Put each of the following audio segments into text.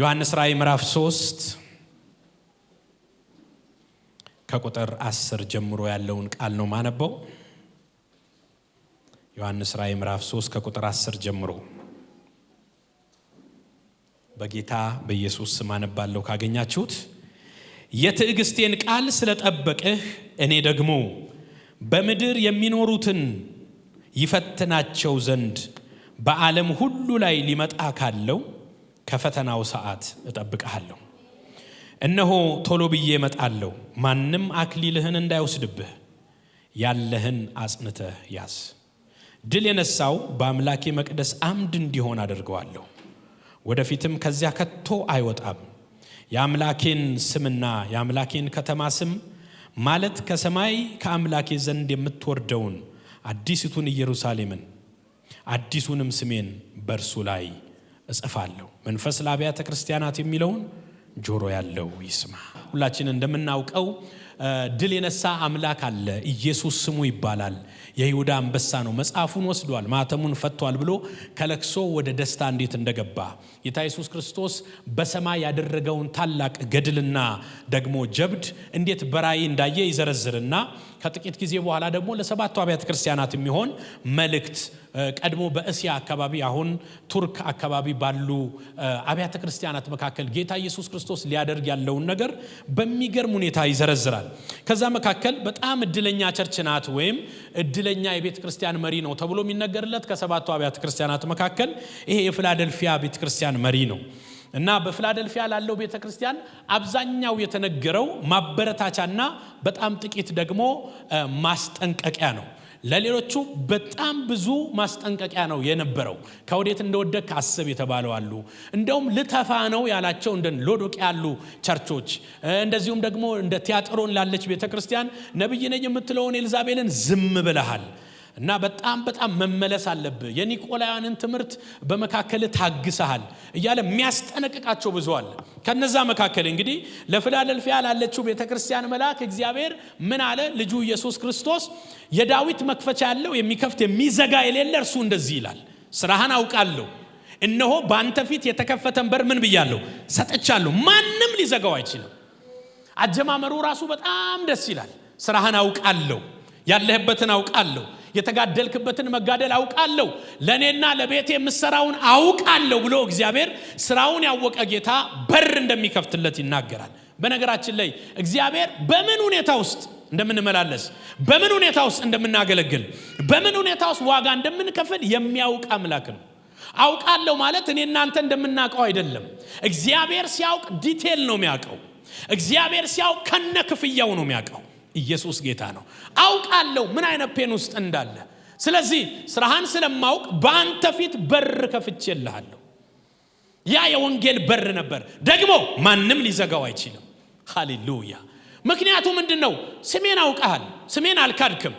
ዮሐንስ ራእይ ምዕራፍ 3 ከቁጥር 10 ጀምሮ ያለውን ቃል ነው ማነበው። ዮሐንስ ራእይ ምዕራፍ 3 ከቁጥር 10 ጀምሮ በጌታ በኢየሱስ ስም አነባለሁ። ካገኛችሁት የትዕግስቴን ቃል ስለጠበቅህ እኔ ደግሞ በምድር የሚኖሩትን ይፈትናቸው ዘንድ በዓለም ሁሉ ላይ ሊመጣ ካለው ከፈተናው ሰዓት እጠብቀሃለሁ እነሆ ቶሎ ብዬ መጣለሁ ማንም አክሊልህን እንዳይወስድብህ ያለህን አጽንተህ ያዝ። ድል የነሳው በአምላኬ መቅደስ አምድ እንዲሆን አድርገዋለሁ። ወደፊትም ከዚያ ከቶ አይወጣም። የአምላኬን ስምና የአምላኬን ከተማ ስም ማለት ከሰማይ ከአምላኬ ዘንድ የምትወርደውን አዲስቱን ኢየሩሳሌምን አዲሱንም ስሜን በእርሱ ላይ እጽፋለሁ። መንፈስ ለአብያተ ክርስቲያናት የሚለውን ጆሮ ያለው ይስማ። ሁላችን እንደምናውቀው ድል የነሳ አምላክ አለ። ኢየሱስ ስሙ ይባላል። የይሁዳ አንበሳ ነው። መጽሐፉን ወስዷል፣ ማተሙን ፈቷል ብሎ ከለቅሶ ወደ ደስታ እንዴት እንደገባ ጌታ ኢየሱስ ክርስቶስ በሰማይ ያደረገውን ታላቅ ገድልና ደግሞ ጀብድ እንዴት በራይ እንዳየ ይዘረዝርና ከጥቂት ጊዜ በኋላ ደግሞ ለሰባቱ አብያተ ክርስቲያናት የሚሆን መልእክት ቀድሞ በእስያ አካባቢ አሁን ቱርክ አካባቢ ባሉ አብያተ ክርስቲያናት መካከል ጌታ ኢየሱስ ክርስቶስ ሊያደርግ ያለውን ነገር በሚገርም ሁኔታ ይዘረዝራል። ከዛ መካከል በጣም እድለኛ ቸርች ናት ወይም እድለኛ የቤተ ክርስቲያን መሪ ነው ተብሎ የሚነገርለት ከሰባቱ አብያተ ክርስቲያናት መካከል ይሄ የፊላደልፊያ ቤተ ክርስቲያን መሪ ነው። እና በፊላደልፊያ ላለው ቤተ ክርስቲያን አብዛኛው የተነገረው ማበረታቻና በጣም ጥቂት ደግሞ ማስጠንቀቂያ ነው። ለሌሎቹ በጣም ብዙ ማስጠንቀቂያ ነው የነበረው። ከወዴት እንደወደቅ አስብ የተባለው አሉ። እንደውም ልተፋ ነው ያላቸው እንደ ሎዶቅ ያሉ ቸርቾች፣ እንደዚሁም ደግሞ እንደ ቲያጥሮን ላለች ቤተ ክርስቲያን ነቢይ ነኝ የምትለውን ኤልዛቤልን ዝም ብለሃል እና በጣም በጣም መመለስ አለብህ። የኒቆላያንን ትምህርት በመካከል ታግሰሃል እያለ የሚያስጠነቅቃቸው ብዙ አለ። ከነዛ መካከል እንግዲህ ለፍላደልፊያ ላለችው ቤተ ክርስቲያን መልአክ እግዚአብሔር ምን አለ? ልጁ ኢየሱስ ክርስቶስ የዳዊት መክፈቻ ያለው የሚከፍት የሚዘጋ የሌለ እርሱ እንደዚህ ይላል፣ ስራህን አውቃለሁ። እነሆ በአንተ ፊት የተከፈተን በር ምን ብያለሁ? ሰጠቻለሁ ማንም ሊዘጋው አይችልም። አጀማመሩ ራሱ በጣም ደስ ይላል። ስራህን አውቃለሁ፣ ያለህበትን አውቃለሁ የተጋደልክበትን መጋደል አውቃለሁ፣ ለእኔና ለቤት የምሰራውን አውቃለሁ ብሎ እግዚአብሔር ስራውን ያወቀ ጌታ በር እንደሚከፍትለት ይናገራል። በነገራችን ላይ እግዚአብሔር በምን ሁኔታ ውስጥ እንደምንመላለስ በምን ሁኔታ ውስጥ እንደምናገለግል በምን ሁኔታ ውስጥ ዋጋ እንደምንከፍል የሚያውቅ አምላክ ነው። አውቃለሁ ማለት እኔ እናንተ እንደምናውቀው አይደለም። እግዚአብሔር ሲያውቅ ዲቴል ነው የሚያውቀው። እግዚአብሔር ሲያውቅ ከነ ክፍያው ነው የሚያውቀው። ኢየሱስ ጌታ ነው። አውቃለሁ ምን አይነት ፔን ውስጥ እንዳለ። ስለዚህ ስራሃን ስለማውቅ በአንተ ፊት በር ከፍቼልሃለሁ። ያ የወንጌል በር ነበር፣ ደግሞ ማንም ሊዘጋው አይችልም። ሃሌሉያ! ምክንያቱ ምንድን ነው? ስሜን አውቀሃል፣ ስሜን አልካድክም።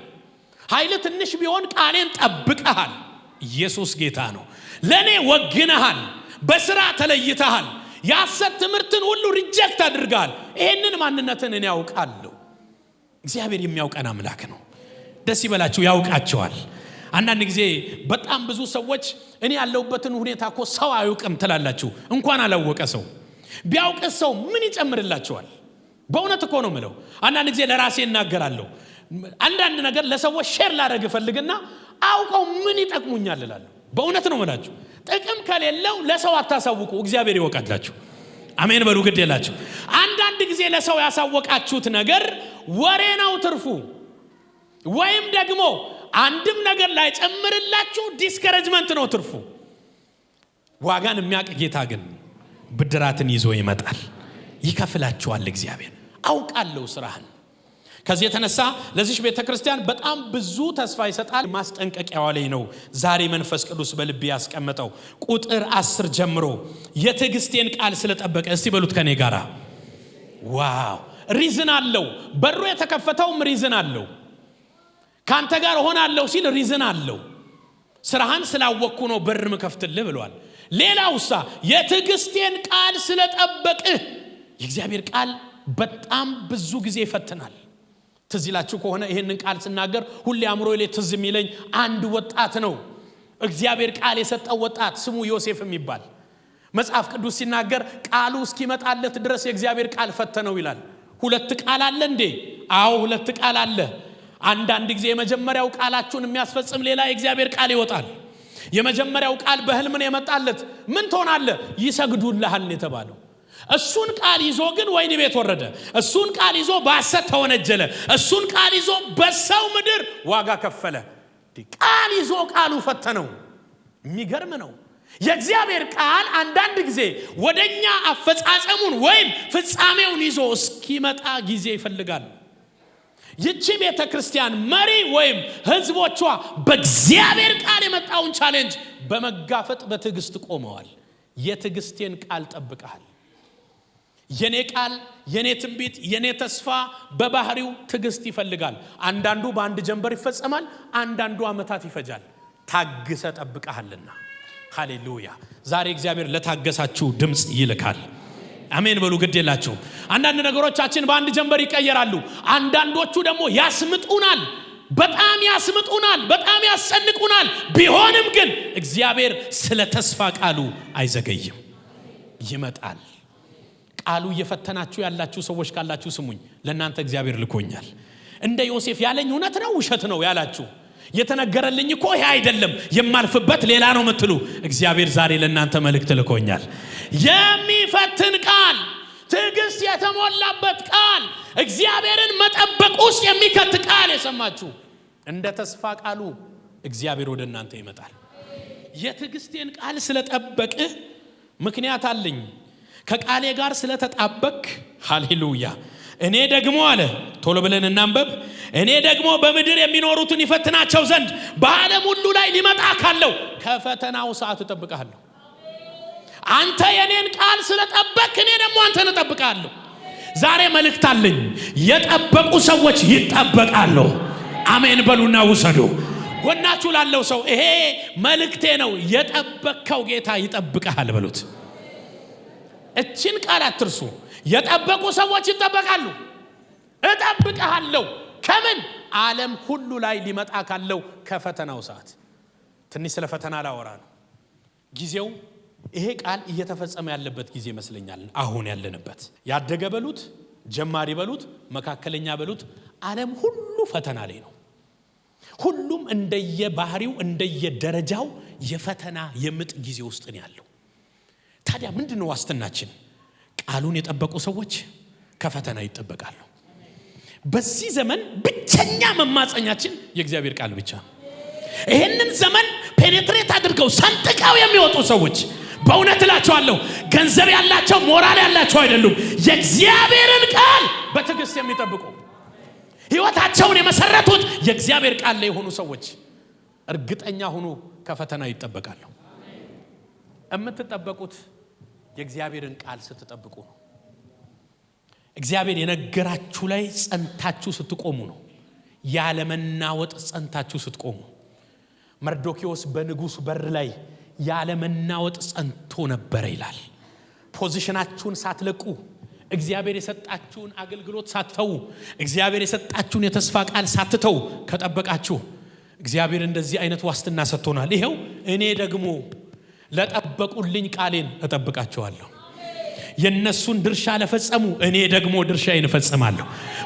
ኃይል ትንሽ ቢሆን ቃሌን ጠብቀሃል። ኢየሱስ ጌታ ነው። ለእኔ ወግነሃል፣ በስራ ተለይተሃል፣ የሐሰት ትምህርትን ሁሉ ሪጀክት አድርገሃል። ይህንን ማንነትን እኔ አውቃለሁ። እግዚአብሔር የሚያውቀን አምላክ ነው። ደስ ይበላችሁ፣ ያውቃቸዋል። አንዳንድ ጊዜ በጣም ብዙ ሰዎች እኔ ያለሁበትን ሁኔታ እኮ ሰው አያውቅም ትላላችሁ። እንኳን አላወቀ ሰው ቢያውቅ ሰው ምን ይጨምርላቸዋል? በእውነት እኮ ነው ምለው። አንዳንድ ጊዜ ለራሴ እናገራለሁ። አንዳንድ ነገር ለሰዎች ሼር ላደረግ እፈልግና አውቀው ምን ይጠቅሙኛል ላለሁ በእውነት ነው ምላችሁ። ጥቅም ከሌለው ለሰው አታሳውቁ፣ እግዚአብሔር ይወቃላችሁ። አሜን በሉ፣ ግድ የላችሁ። አንድ ጊዜ ለሰው ያሳወቃችሁት ነገር ወሬ ነው ትርፉ። ወይም ደግሞ አንድም ነገር ላይ ጨምርላችሁ ዲስከረጅመንት ነው ትርፉ። ዋጋን የሚያውቅ ጌታ ግን ብድራትን ይዞ ይመጣል፣ ይከፍላችኋል። እግዚአብሔር አውቃለሁ ስራህን። ከዚህ የተነሳ ለዚች ቤተ ክርስቲያን በጣም ብዙ ተስፋ ይሰጣል። ማስጠንቀቂያዋ ላይ ነው ዛሬ መንፈስ ቅዱስ በልቤ ያስቀመጠው ቁጥር አስር ጀምሮ የትዕግስቴን ቃል ስለጠበቀ እስቲ በሉት ከኔ ጋራ ዋው ሪዝን አለው። በሩ የተከፈተውም ሪዝን አለው። ከአንተ ጋር እሆናለሁ ሲል ሪዝን አለው። ስራህን ስላወቅኩ ነው በር ምከፍትልህ ብሏል። ሌላውሳ የትዕግስቴን ቃል ስለጠበቅህ። የእግዚአብሔር ቃል በጣም ብዙ ጊዜ ይፈትናል። ትዝ ይላችሁ ከሆነ ይህንን ቃል ስናገር ሁሌ አእምሮ ላይ ትዝ የሚለኝ አንድ ወጣት ነው። እግዚአብሔር ቃል የሰጠው ወጣት ስሙ ዮሴፍ የሚባል መጽሐፍ ቅዱስ ሲናገር ቃሉ እስኪመጣለት ድረስ የእግዚአብሔር ቃል ፈተነው ይላል። ሁለት ቃል አለ እንዴ? አዎ ሁለት ቃል አለ። አንዳንድ ጊዜ የመጀመሪያው ቃላችሁን የሚያስፈጽም ሌላ የእግዚአብሔር ቃል ይወጣል። የመጀመሪያው ቃል በህልምን የመጣለት ምን ትሆናለ? ይሰግዱልሃል የተባለው እሱን ቃል ይዞ ግን ወይን ቤት ወረደ። እሱን ቃል ይዞ በሐሰት ተወነጀለ። እሱን ቃል ይዞ በሰው ምድር ዋጋ ከፈለ። ቃል ይዞ ቃሉ ፈተነው። የሚገርም ነው። የእግዚአብሔር ቃል አንዳንድ ጊዜ ወደኛ አፈጻጸሙን ወይም ፍጻሜውን ይዞ እስኪመጣ ጊዜ ይፈልጋል። ይቺ ቤተ ክርስቲያን መሪ ወይም ህዝቦቿ በእግዚአብሔር ቃል የመጣውን ቻሌንጅ በመጋፈጥ በትዕግስት ቆመዋል። የትዕግስቴን ቃል ጠብቀሃል። የኔ ቃል፣ የኔ ትንቢት፣ የኔ ተስፋ በባህሪው ትዕግስት ይፈልጋል። አንዳንዱ በአንድ ጀንበር ይፈጸማል፣ አንዳንዱ ዓመታት ይፈጃል። ታግሰ ጠብቀሃልና ሃሌሉያ። ዛሬ እግዚአብሔር ለታገሳችሁ ድምፅ ይልካል። አሜን በሉ። ግድ የላችሁም። አንዳንድ ነገሮቻችን በአንድ ጀንበር ይቀየራሉ። አንዳንዶቹ ደግሞ ያስምጡናል፣ በጣም ያስምጡናል፣ በጣም ያስጨንቁናል። ቢሆንም ግን እግዚአብሔር ስለ ተስፋ ቃሉ አይዘገይም፣ ይመጣል። ቃሉ እየፈተናችሁ ያላችሁ ሰዎች ካላችሁ ስሙኝ፣ ለእናንተ እግዚአብሔር ልኮኛል። እንደ ዮሴፍ ያለኝ እውነት ነው ውሸት ነው ያላችሁ የተነገረልኝ እኮ ይሄ አይደለም የማልፍበት ሌላ ነው የምትሉ እግዚአብሔር ዛሬ ለእናንተ መልእክት ልኮኛል። የሚፈትን ቃል፣ ትዕግስት የተሞላበት ቃል፣ እግዚአብሔርን መጠበቅ ውስጥ የሚከት ቃል የሰማችሁ እንደ ተስፋ ቃሉ እግዚአብሔር ወደ እናንተ ይመጣል። የትዕግስቴን ቃል ስለጠበቅ ምክንያት አለኝ። ከቃሌ ጋር ስለተጣበክ ሃሌሉያ እኔ ደግሞ አለ ቶሎ ብለን እናንበብ። እኔ ደግሞ በምድር የሚኖሩትን ይፈትናቸው ዘንድ በዓለም ሁሉ ላይ ሊመጣ ካለው ከፈተናው ሰዓት እጠብቃለሁ። አንተ የእኔን ቃል ስለጠበቅ እኔ ደግሞ አንተን እጠብቃለሁ። ዛሬ መልእክት አለኝ። የጠበቁ ሰዎች ይጠበቃሉ። አሜን በሉና ውሰዱ። ጎናችሁ ላለው ሰው ይሄ መልእክቴ ነው። የጠበቅከው ጌታ ይጠብቀሃል በሉት። እችን ቃል አትርሱ። የጠበቁ ሰዎች ይጠበቃሉ። እጠብቀሃለሁ ከምን ዓለም ሁሉ ላይ ሊመጣ ካለው ከፈተናው ሰዓት። ትንሽ ስለ ፈተና ላወራ ነው ጊዜው። ይሄ ቃል እየተፈጸመ ያለበት ጊዜ ይመስለኛል። አሁን ያለንበት ያደገ በሉት ጀማሪ በሉት መካከለኛ በሉት ዓለም ሁሉ ፈተና ላይ ነው። ሁሉም እንደየባህሪው እንደየደረጃው የፈተና የምጥ ጊዜ ውስጥ ነው ያለው። ታዲያ ምንድን ነው ዋስትናችን? ቃሉን የጠበቁ ሰዎች ከፈተና ይጠበቃሉ። በዚህ ዘመን ብቸኛ መማፀኛችን የእግዚአብሔር ቃል ብቻ ነው። ይህንን ዘመን ፔኔትሬት አድርገው ሰንጥቀው የሚወጡ ሰዎች በእውነት እላቸዋለሁ ገንዘብ ያላቸው ሞራል ያላቸው አይደሉም። የእግዚአብሔርን ቃል በትዕግስት የሚጠብቁ ህይወታቸውን የመሰረቱት የእግዚአብሔር ቃል ላይ የሆኑ ሰዎች እርግጠኛ ሁኑ፣ ከፈተና ይጠበቃሉ። የምትጠበቁት የእግዚአብሔርን ቃል ስትጠብቁ ነው። እግዚአብሔር የነገራችሁ ላይ ጸንታችሁ ስትቆሙ ነው። ያለመናወጥ ጸንታችሁ ስትቆሙ። መርዶኪዎስ በንጉሥ በር ላይ ያለመናወጥ ጸንቶ ነበረ ይላል። ፖዚሽናችሁን ሳትለቁ እግዚአብሔር የሰጣችሁን አገልግሎት ሳትተዉ እግዚአብሔር የሰጣችሁን የተስፋ ቃል ሳትተው ከጠበቃችሁ እግዚአብሔር እንደዚህ አይነት ዋስትና ሰጥቶናል። ይኸው እኔ ደግሞ ለጠበቁልኝ ቃሌን እጠብቃቸዋለሁ። የእነሱን ድርሻ ለፈጸሙ እኔ ደግሞ ድርሻዬን እፈጽማለሁ።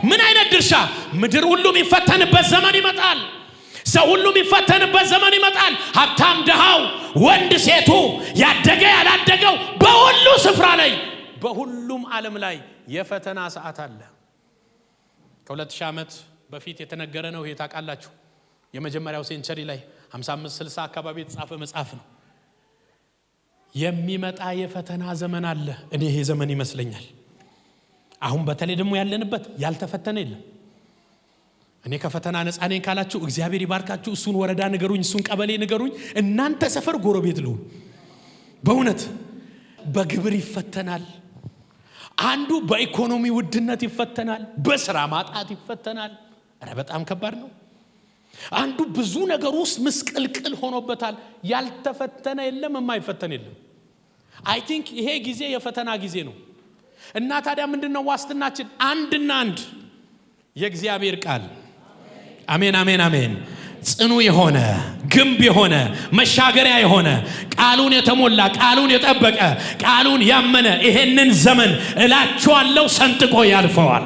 ምን አይነት ድርሻ? ምድር ሁሉ የሚፈተንበት ዘመን ይመጣል። ሰው ሁሉ የሚፈተንበት ዘመን ይመጣል። ሀብታም፣ ድሃው፣ ወንድ፣ ሴቱ፣ ያደገ ያላደገው፣ በሁሉ ስፍራ ላይ በሁሉም ዓለም ላይ የፈተና ሰዓት አለ። ከሁለት ሺህ ዓመት በፊት የተነገረ ነው። ይሄ የመጀመሪያው ሴንቸሪ ላይ 55 60 አካባቢ የተጻፈ መጽሐፍ ነው። የሚመጣ የፈተና ዘመን አለ። እኔ ይሄ ዘመን ይመስለኛል። አሁን በተለይ ደግሞ ያለንበት ያልተፈተነ የለም። እኔ ከፈተና ነፃ ነኝ ካላችሁ እግዚአብሔር ይባርካችሁ። እሱን ወረዳ ንገሩኝ፣ እሱን ቀበሌ ንገሩኝ፣ እናንተ ሰፈር ጎረቤት ልሁን። በእውነት በግብር ይፈተናል። አንዱ በኢኮኖሚ ውድነት ይፈተናል፣ በስራ ማጣት ይፈተናል። ረ በጣም ከባድ ነው። አንዱ ብዙ ነገር ውስጥ ምስቅልቅል ሆኖበታል። ያልተፈተነ የለም፣ የማይፈተን የለም። አይ ቲንክ ይሄ ጊዜ የፈተና ጊዜ ነው። እና ታዲያ ምንድነው ዋስትናችን? አንድና አንድ የእግዚአብሔር ቃል። አሜን፣ አሜን፣ አሜን። ጽኑ የሆነ ግንብ የሆነ መሻገሪያ የሆነ ቃሉን የተሞላ ቃሉን የጠበቀ ቃሉን ያመነ ይሄንን ዘመን እላችኋለሁ ሰንጥቆ ያልፈዋል።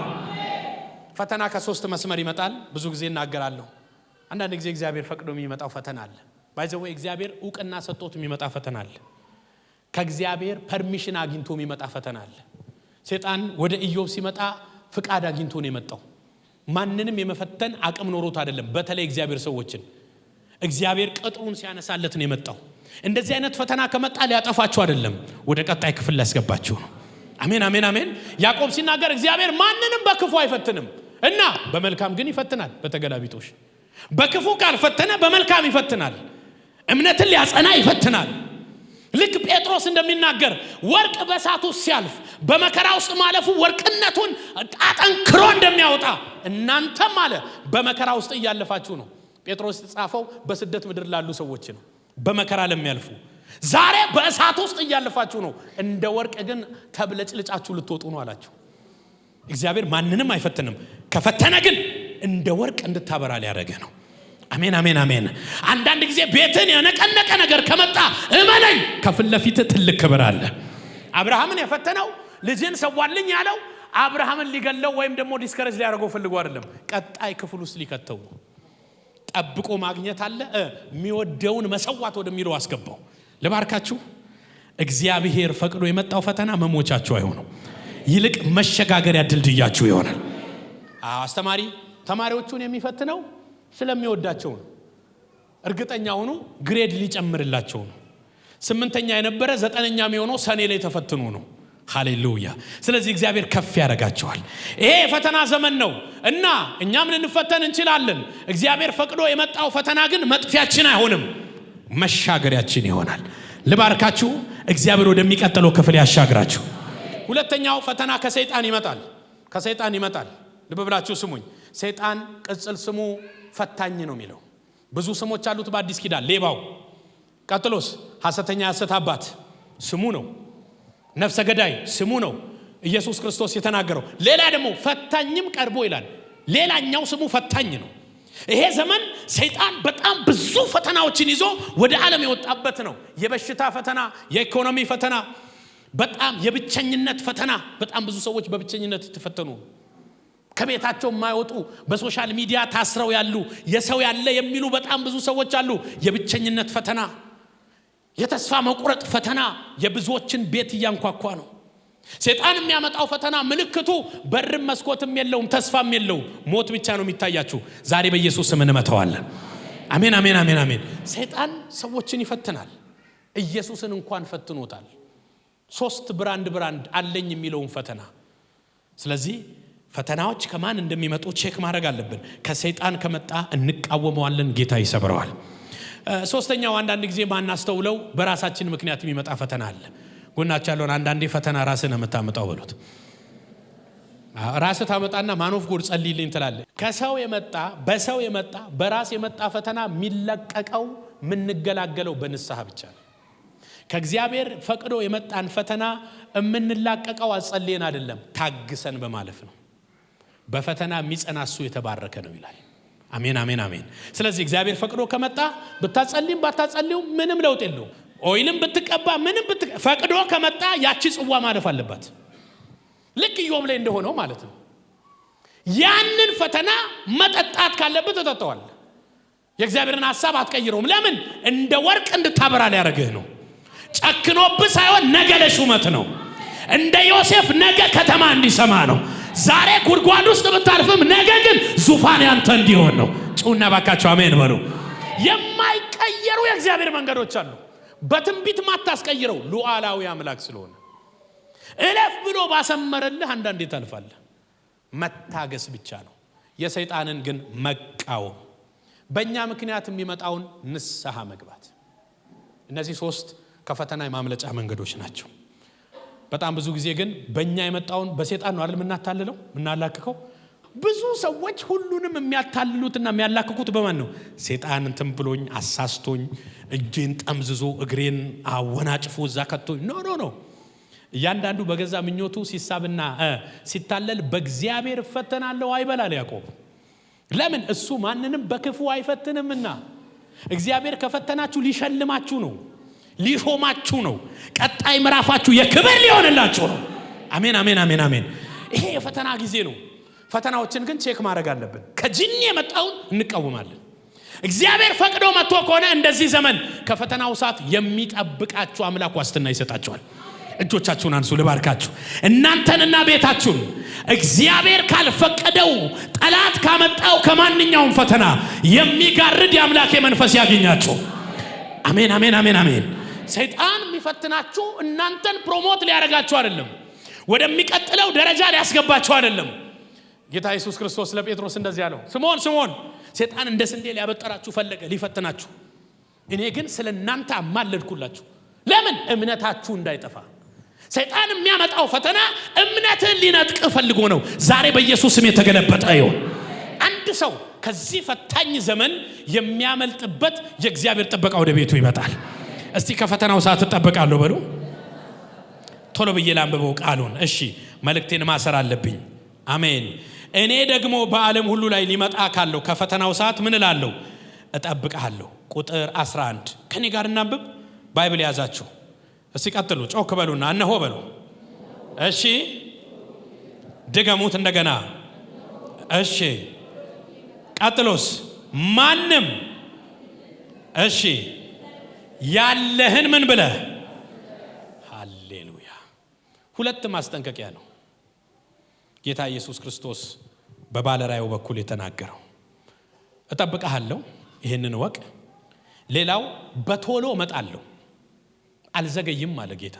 ፈተና ከሶስት መስመር ይመጣል። ብዙ ጊዜ እናገራለሁ። አንዳንድ ጊዜ እግዚአብሔር ፈቅዶ የሚመጣው ፈተና አለ። ባይዘወ እግዚአብሔር እውቅና ሰጥቶት የሚመጣ ፈተና አለ። ከእግዚአብሔር ፐርሚሽን አግኝቶ የሚመጣ ፈተና አለ። ሴጣን ወደ ኢዮብ ሲመጣ ፍቃድ አግኝቶ ነው የመጣው። ማንንም የመፈተን አቅም ኖሮት አይደለም። በተለይ እግዚአብሔር ሰዎችን እግዚአብሔር ቅጥሩን ሲያነሳለት ነው የመጣው። እንደዚህ አይነት ፈተና ከመጣ ሊያጠፋችሁ አይደለም፣ ወደ ቀጣይ ክፍል ሊያስገባችሁ ነው። አሜን፣ አሜን፣ አሜን። ያዕቆብ ሲናገር እግዚአብሔር ማንንም በክፉ አይፈትንም እና በመልካም ግን ይፈትናል በተገላቢጦሽ በክፉ ቃል ፈተነ፣ በመልካም ይፈትናል። እምነትን ሊያጸና ይፈትናል። ልክ ጴጥሮስ እንደሚናገር ወርቅ በእሳት ውስጥ ሲያልፍ በመከራ ውስጥ ማለፉ ወርቅነቱን አጠንክሮ እንደሚያወጣ እናንተም አለ በመከራ ውስጥ እያለፋችሁ ነው። ጴጥሮስ የተጻፈው በስደት ምድር ላሉ ሰዎች ነው፣ በመከራ ለሚያልፉ ዛሬ በእሳት ውስጥ እያለፋችሁ ነው። እንደ ወርቅ ግን ተብለጭልጫችሁ ልትወጡ ነው አላችሁ እግዚአብሔር ማንንም አይፈትንም። ከፈተነ ግን እንደ ወርቅ እንድታበራ ሊያደረገ ነው። አሜን፣ አሜን፣ አሜን። አንዳንድ ጊዜ ቤትን የነቀነቀ ነገር ከመጣ እመነኝ፣ ከፊት ለፊት ትልቅ ክብር አለ። አብርሃምን የፈተነው ልጅን ሰዋልኝ ያለው አብርሃምን ሊገለው ወይም ደግሞ ዲስከረጅ ሊያደርገው ፈልጎ አይደለም። ቀጣይ ክፍል ውስጥ ሊከተው ነው። ጠብቆ ማግኘት አለ። የሚወደውን መሰዋት ወደሚለው አስገባው። ልባርካችሁ፣ እግዚአብሔር ፈቅዶ የመጣው ፈተና መሞቻችሁ አይሆነው ይልቅ መሸጋገሪያ ድልድያችሁ ይሆናል። አስተማሪ ተማሪዎቹን የሚፈትነው ስለሚወዳቸው ነው። እርግጠኛ ሆኑ ግሬድ ሊጨምርላቸው ነው። ስምንተኛ የነበረ ዘጠነኛ የሚሆነው ሰኔ ላይ ተፈትኖ ነው። ሃሌሉያ። ስለዚህ እግዚአብሔር ከፍ ያደርጋቸዋል። ይሄ የፈተና ዘመን ነው እና እኛም ልንፈተን እንችላለን። እግዚአብሔር ፈቅዶ የመጣው ፈተና ግን መጥፊያችን አይሆንም፣ መሻገሪያችን ይሆናል። ልባርካችሁ። እግዚአብሔር ወደሚቀጥለው ክፍል ያሻግራችሁ። ሁለተኛው ፈተና ከሰይጣን ይመጣል። ከሰይጣን ይመጣል። ልብብላችሁ ብላችሁ ስሙኝ። ሰይጣን ቅጽል ስሙ ፈታኝ ነው የሚለው። ብዙ ስሞች አሉት በአዲስ ኪዳን። ሌባው፣ ቀጥሎስ ሐሰተኛ ሐሰት አባት ስሙ ነው። ነፍሰ ገዳይ ስሙ ነው። ኢየሱስ ክርስቶስ የተናገረው ሌላ ደግሞ ፈታኝም ቀርቦ ይላል። ሌላኛው ስሙ ፈታኝ ነው። ይሄ ዘመን ሰይጣን በጣም ብዙ ፈተናዎችን ይዞ ወደ ዓለም የወጣበት ነው። የበሽታ ፈተና፣ የኢኮኖሚ ፈተና፣ በጣም የብቸኝነት ፈተና። በጣም ብዙ ሰዎች በብቸኝነት የተፈተኑ ከቤታቸው የማይወጡ በሶሻል ሚዲያ ታስረው ያሉ የሰው ያለ የሚሉ በጣም ብዙ ሰዎች አሉ። የብቸኝነት ፈተና፣ የተስፋ መቁረጥ ፈተና የብዙዎችን ቤት እያንኳኳ ነው። ሴጣን የሚያመጣው ፈተና ምልክቱ በርም መስኮትም የለውም፣ ተስፋም የለውም፣ ሞት ብቻ ነው የሚታያችሁ። ዛሬ በኢየሱስ ስም እንመተዋለን። አሜን፣ አሜን፣ አሜን፣ አሜን። ሴጣን ሰዎችን ይፈትናል። ኢየሱስን እንኳን ፈትኖታል። ሶስት ብራንድ ብራንድ አለኝ የሚለውን ፈተና ስለዚህ ፈተናዎች ከማን እንደሚመጡ ቼክ ማድረግ አለብን። ከሰይጣን ከመጣ እንቃወመዋለን፣ ጌታ ይሰብረዋል። ሶስተኛው አንዳንድ ጊዜ ማናስተውለው በራሳችን ምክንያት የሚመጣ ፈተና አለ። ጎናች ያለውን አንዳንዴ ፈተና ራስህ የምታመጣው በሉት። ራስህ ታመጣና ማኖፍ ጎድ ጸልይልኝ ትላለ። ከሰው የመጣ በሰው የመጣ በራስ የመጣ ፈተና የሚለቀቀው የምንገላገለው በንስሐ ብቻ ነው። ከእግዚአብሔር ፈቅዶ የመጣን ፈተና የምንላቀቀው አጸልየን አይደለም፣ ታግሰን በማለፍ ነው። በፈተና የሚጸና እሱ የተባረከ ነው ይላል። አሜን፣ አሜን፣ አሜን። ስለዚህ እግዚአብሔር ፈቅዶ ከመጣ ብታጸልም ባታጸልም ምንም ለውጥ የለው ኦይልም ብትቀባ ምንም ፈቅዶ ከመጣ ያቺ ጽዋ ማለፍ አለባት። ልክ ኢዮብ ላይ እንደሆነው ማለት ነው። ያንን ፈተና መጠጣት ካለብህ ተጠጠዋል። የእግዚአብሔርን ሀሳብ አትቀይረውም። ለምን እንደ ወርቅ እንድታበራ ሊያደረግህ ነው። ጨክኖብህ ሳይሆን ነገ ለሹመት ነው። እንደ ዮሴፍ ነገ ከተማ እንዲሰማ ነው። ዛሬ ጉድጓድ ውስጥ ብታርፍም ነገ ግን ዙፋን ያንተ እንዲሆን ነው። ጩና ባካቸው አሜን በሉ። የማይቀየሩ የእግዚአብሔር መንገዶች አሉ። በትንቢት ማታስቀይረው ሉዓላዊ አምላክ ስለሆነ እለፍ ብሎ ባሰመረልህ አንዳንዴ ታልፋለህ። መታገስ ብቻ ነው። የሰይጣንን ግን መቃወም፣ በእኛ ምክንያት የሚመጣውን ንስሐ መግባት። እነዚህ ሶስት ከፈተና የማምለጫ መንገዶች ናቸው። በጣም ብዙ ጊዜ ግን በእኛ የመጣውን በሴጣን ነው አይደል የምናታልለው የምናላክከው። ብዙ ሰዎች ሁሉንም የሚያታልሉትና የሚያላክኩት በማን ነው? ሴጣን እንትን ብሎኝ አሳስቶኝ እጄን ጠምዝዞ እግሬን አወናጭፎ እዛ ከቶኝ። ኖ ኖ ኖ። እያንዳንዱ በገዛ ምኞቱ ሲሳብና ሲታለል በእግዚአብሔር እፈተናለሁ አይበላል ያዕቆብ። ለምን እሱ ማንንም በክፉ አይፈትንምና። እግዚአብሔር ከፈተናችሁ ሊሸልማችሁ ነው ሊሾማችሁ ነው። ቀጣይ ምዕራፋችሁ የክብር ሊሆንላችሁ ነው። አሜን፣ አሜን፣ አሜን፣ አሜን። ይሄ የፈተና ጊዜ ነው። ፈተናዎችን ግን ቼክ ማድረግ አለብን። ከጂኒ የመጣውን እንቃወማለን። እግዚአብሔር ፈቅዶ መጥቶ ከሆነ እንደዚህ ዘመን ከፈተናው ሰዓት የሚጠብቃችሁ አምላክ ዋስትና ይሰጣችኋል። እጆቻችሁን አንሱ፣ ልባርካችሁ። እናንተንና ቤታችሁን እግዚአብሔር ካልፈቀደው ጠላት ካመጣው ከማንኛውም ፈተና የሚጋርድ የአምላክ መንፈስ ያገኛችሁ። አሜን፣ አሜን፣ አሜን፣ አሜን። ሰይጣን የሚፈትናችሁ እናንተን ፕሮሞት ሊያደርጋችሁ አይደለም፣ ወደሚቀጥለው ደረጃ ሊያስገባችሁ አይደለም። ጌታ ኢየሱስ ክርስቶስ ለጴጥሮስ እንደዚህ ያለው ስምሆን ስምሆን ሰይጣን እንደ ስንዴ ሊያበጠራችሁ ፈለገ፣ ሊፈትናችሁ። እኔ ግን ስለ እናንተ አማለድኩላችሁ። ለምን? እምነታችሁ እንዳይጠፋ። ሰይጣን የሚያመጣው ፈተና እምነትን ሊነጥቅ ፈልጎ ነው። ዛሬ በኢየሱስ ስም የተገለበጠ ይሆን። አንድ ሰው ከዚህ ፈታኝ ዘመን የሚያመልጥበት የእግዚአብሔር ጥበቃ ወደ ቤቱ ይመጣል። እስቲ ከፈተናው ሰዓት እጠበቃለሁ በሉ። ቶሎ ብዬ ላንብበው ቃሉን። እሺ መልእክቴን ማሰር አለብኝ። አሜን። እኔ ደግሞ በዓለም ሁሉ ላይ ሊመጣ ካለው ከፈተናው ሰዓት ምን እላለሁ? እጠብቃለሁ። ቁጥር 11 ከኔ ጋር እናንብብ። ባይብል ያዛችሁ እስቲ ቀጥሉ። ጮክ በሉና እነሆ በሉ። እሺ ድገሙት እንደገና። እሺ ቀጥሎስ ማንም እሺ ያለህን ምን ብለ ሃሌሉያ። ሁለት ማስጠንቀቂያ ነው ጌታ ኢየሱስ ክርስቶስ በባለራዩ በኩል የተናገረው። እጠብቀሃለሁ፣ ይህንን ወቅ። ሌላው በቶሎ እመጣለሁ፣ አልዘገይም አለ ጌታ።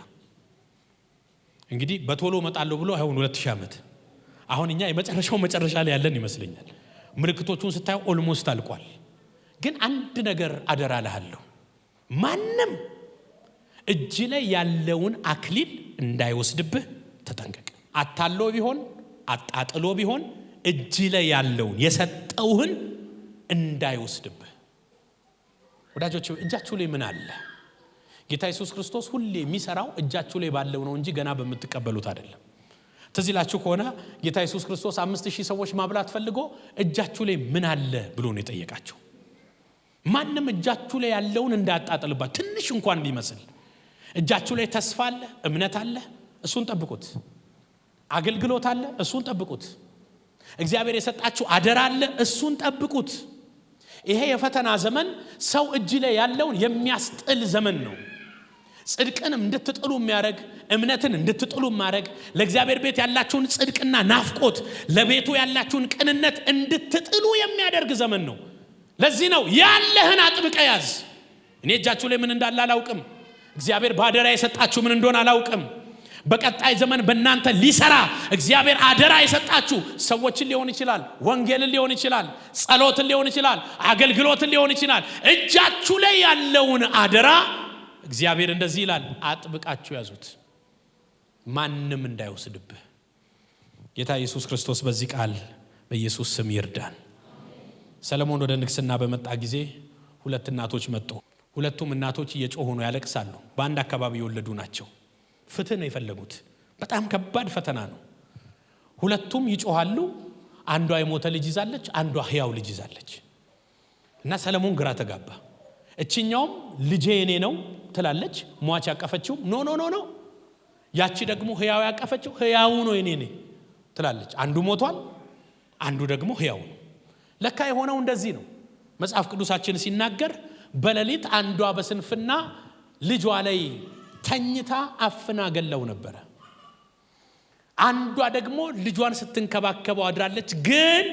እንግዲህ በቶሎ እመጣለሁ ብሎ አሁን ሁለት ሺህ ዓመት አሁን እኛ የመጨረሻው መጨረሻ ላይ ያለን ይመስለኛል። ምልክቶቹን ስታየው ኦልሞስት አልቋል። ግን አንድ ነገር አደራ ልሃለሁ ማንም እጅ ላይ ያለውን አክሊል እንዳይወስድብህ ተጠንቀቅ። አታሎ ቢሆን አጣጥሎ ቢሆን እጅ ላይ ያለውን የሰጠውህን እንዳይወስድብህ። ወዳጆች እጃችሁ ላይ ምን አለ? ጌታ ኢየሱስ ክርስቶስ ሁሌ የሚሰራው እጃችሁ ላይ ባለው ነው እንጂ ገና በምትቀበሉት አይደለም። ትዚላችሁ ከሆነ ጌታ ኢየሱስ ክርስቶስ አምስት ሺህ ሰዎች ማብላት ፈልጎ እጃችሁ ላይ ምን አለ ብሎ ነው የጠየቃቸው። ማንም እጃችሁ ላይ ያለውን እንዳያጣጥልባት ትንሽ እንኳን ቢመስል እጃችሁ ላይ ተስፋ አለ፣ እምነት አለ፣ እሱን ጠብቁት። አገልግሎት አለ፣ እሱን ጠብቁት። እግዚአብሔር የሰጣችሁ አደራ አለ፣ እሱን ጠብቁት። ይሄ የፈተና ዘመን ሰው እጅ ላይ ያለውን የሚያስጥል ዘመን ነው። ጽድቅን እንድትጥሉ የሚያደርግ እምነትን እንድትጥሉ የሚያደረግ ለእግዚአብሔር ቤት ያላችሁን ጽድቅና ናፍቆት፣ ለቤቱ ያላችሁን ቅንነት እንድትጥሉ የሚያደርግ ዘመን ነው። ለዚህ ነው ያለህን አጥብቀ ያዝ። እኔ እጃችሁ ላይ ምን እንዳለ አላውቅም። እግዚአብሔር በአደራ የሰጣችሁ ምን እንደሆነ አላውቅም። በቀጣይ ዘመን በእናንተ ሊሰራ እግዚአብሔር አደራ የሰጣችሁ ሰዎችን ሊሆን ይችላል፣ ወንጌልን ሊሆን ይችላል፣ ጸሎትን ሊሆን ይችላል፣ አገልግሎትን ሊሆን ይችላል። እጃችሁ ላይ ያለውን አደራ እግዚአብሔር እንደዚህ ይላል፣ አጥብቃችሁ ያዙት፣ ማንም እንዳይወስድብህ። ጌታ ኢየሱስ ክርስቶስ በዚህ ቃል በኢየሱስ ስም ይርዳን። ሰለሞን ወደ ንግስና በመጣ ጊዜ ሁለት እናቶች መጡ። ሁለቱም እናቶች እየጮሆ ነው፣ ያለቅሳሉ። በአንድ አካባቢ የወለዱ ናቸው። ፍትህ ነው የፈለጉት። በጣም ከባድ ፈተና ነው። ሁለቱም ይጮኋሉ። አንዷ የሞተ ልጅ ይዛለች፣ አንዷ ህያው ልጅ ይዛለች። እና ሰለሞን ግራ ተጋባ። እችኛውም ልጄ እኔ ነው ትላለች፣ ሟች ያቀፈችውም ኖ ኖ ኖ ኖ። ያቺ ደግሞ ህያው ያቀፈችው ህያው ነው የኔ ትላለች። አንዱ ሞቷል፣ አንዱ ደግሞ ህያው ነው። ለካ የሆነው እንደዚህ ነው። መጽሐፍ ቅዱሳችን ሲናገር በሌሊት አንዷ በስንፍና ልጇ ላይ ተኝታ አፍና ገለው ነበረ። አንዷ ደግሞ ልጇን ስትንከባከበው አድራለች፣ ግን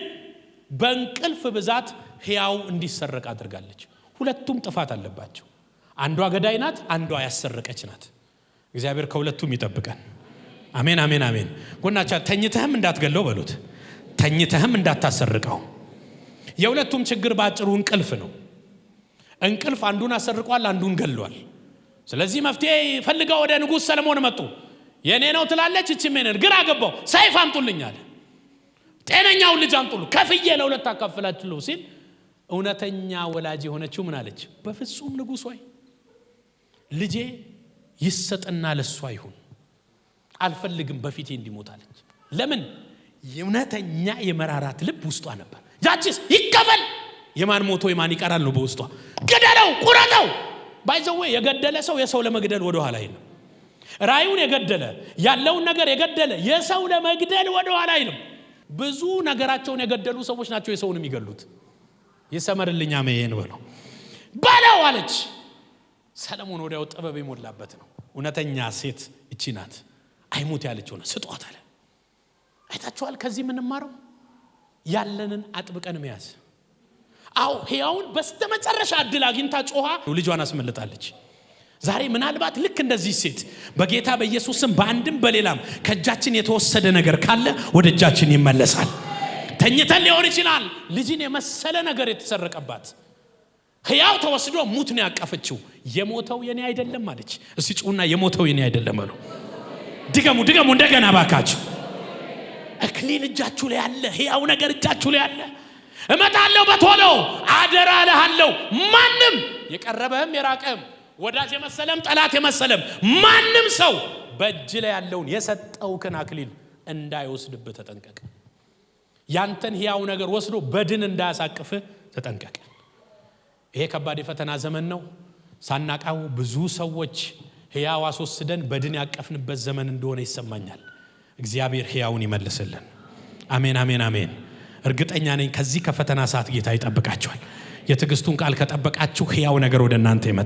በእንቅልፍ ብዛት ሕያው እንዲሰረቅ አድርጋለች። ሁለቱም ጥፋት አለባቸው። አንዷ ገዳይ ናት፣ አንዷ ያሰረቀች ናት። እግዚአብሔር ከሁለቱም ይጠብቀን። አሜን፣ አሜን፣ አሜን። ጎናቻ ተኝተህም እንዳትገለው በሉት፣ ተኝተህም እንዳታሰርቀው የሁለቱም ችግር በአጭሩ እንቅልፍ ነው። እንቅልፍ አንዱን አሰርቋል፣ አንዱን ገሏል። ስለዚህ መፍትሄ ፈልገው ወደ ንጉሥ ሰለሞን መጡ። የእኔ ነው ትላለች፣ እች የእኔ ግራ ገባው። ሰይፍ አምጡልኝ አለ። ጤነኛውን ልጅ አምጡሉ ከፍዬ ለሁለት አካፍላችለሁ ሲል እውነተኛ ወላጅ የሆነችው ምን አለች? በፍጹም ንጉሥ ወይ ልጄ ይሰጥና ለሷ ይሁን፣ አልፈልግም በፊቴ እንዲሞት አለች። ለምን? የእውነተኛ የመራራት ልብ ውስጧ ነበር። ዛችስ ይከፈል። የማን ሞቶ የማን ይቀራል ነው በውስጧ። ግደለው፣ ቁረጠው። ባይዘዌ የገደለ ሰው የሰው ለመግደል ወደ ኋላ አይልም። ራእዩን የገደለ ያለውን ነገር የገደለ የሰው ለመግደል ወደ ኋላ አይልም። ብዙ ነገራቸውን የገደሉ ሰዎች ናቸው የሰውን የሚገሉት። ይሰመርልኛ መሄን በለው በለው አለች። ሰለሞን ወዲያው ጥበብ የሞላበት ነው። እውነተኛ ሴት እቺ ናት። አይሙት ያለችው ስጧት አለ። አይታችኋል። ከዚህ የምንማረው ያለንን አጥብቀን መያዝ። አው ሕያውን በስተመጨረሻ እድል አግኝታ ጮኋ ልጇን አስመልጣለች። ዛሬ ምናልባት ልክ እንደዚህ ሴት በጌታ በኢየሱስም በአንድም በሌላም ከእጃችን የተወሰደ ነገር ካለ ወደ እጃችን ይመለሳል። ተኝተን ሊሆን ይችላል። ልጅን የመሰለ ነገር የተሰረቀባት ሕያው ተወስዶ ሙት ነው ያቀፈችው። የሞተው የኔ አይደለም አለች። እስቲ ጩና የሞተው የኔ አይደለም አሉ። ድገሙ፣ ድገሙ እንደገና ባካችሁ እክሊል እጃችሁ ላይ አለ። ሕያው ነገር እጃችሁ ላይ አለ። እመጣለሁ በቶሎ አደራ እልሃለሁ። ማንም የቀረበህም የራቀህም ወዳጅ የመሰለም ጠላት የመሰለም ማንም ሰው በእጅ ላይ ያለውን የሰጠውክን አክሊል እንዳይወስድብህ ተጠንቀቅ። ያንተን ሕያው ነገር ወስዶ በድን እንዳያሳቅፍህ ተጠንቀቅ። ይሄ ከባድ የፈተና ዘመን ነው። ሳናቃው ብዙ ሰዎች ሕያው አስወስደን በድን ያቀፍንበት ዘመን እንደሆነ ይሰማኛል። እግዚአብሔር ሕያውን ይመልስልን። አሜን፣ አሜን፣ አሜን። እርግጠኛ ነኝ ከዚህ ከፈተና ሰዓት ጌታ ይጠብቃቸዋል። የትዕግስቱን ቃል ከጠበቃችሁ ሕያው ነገር ወደ እናንተ ይመጣል።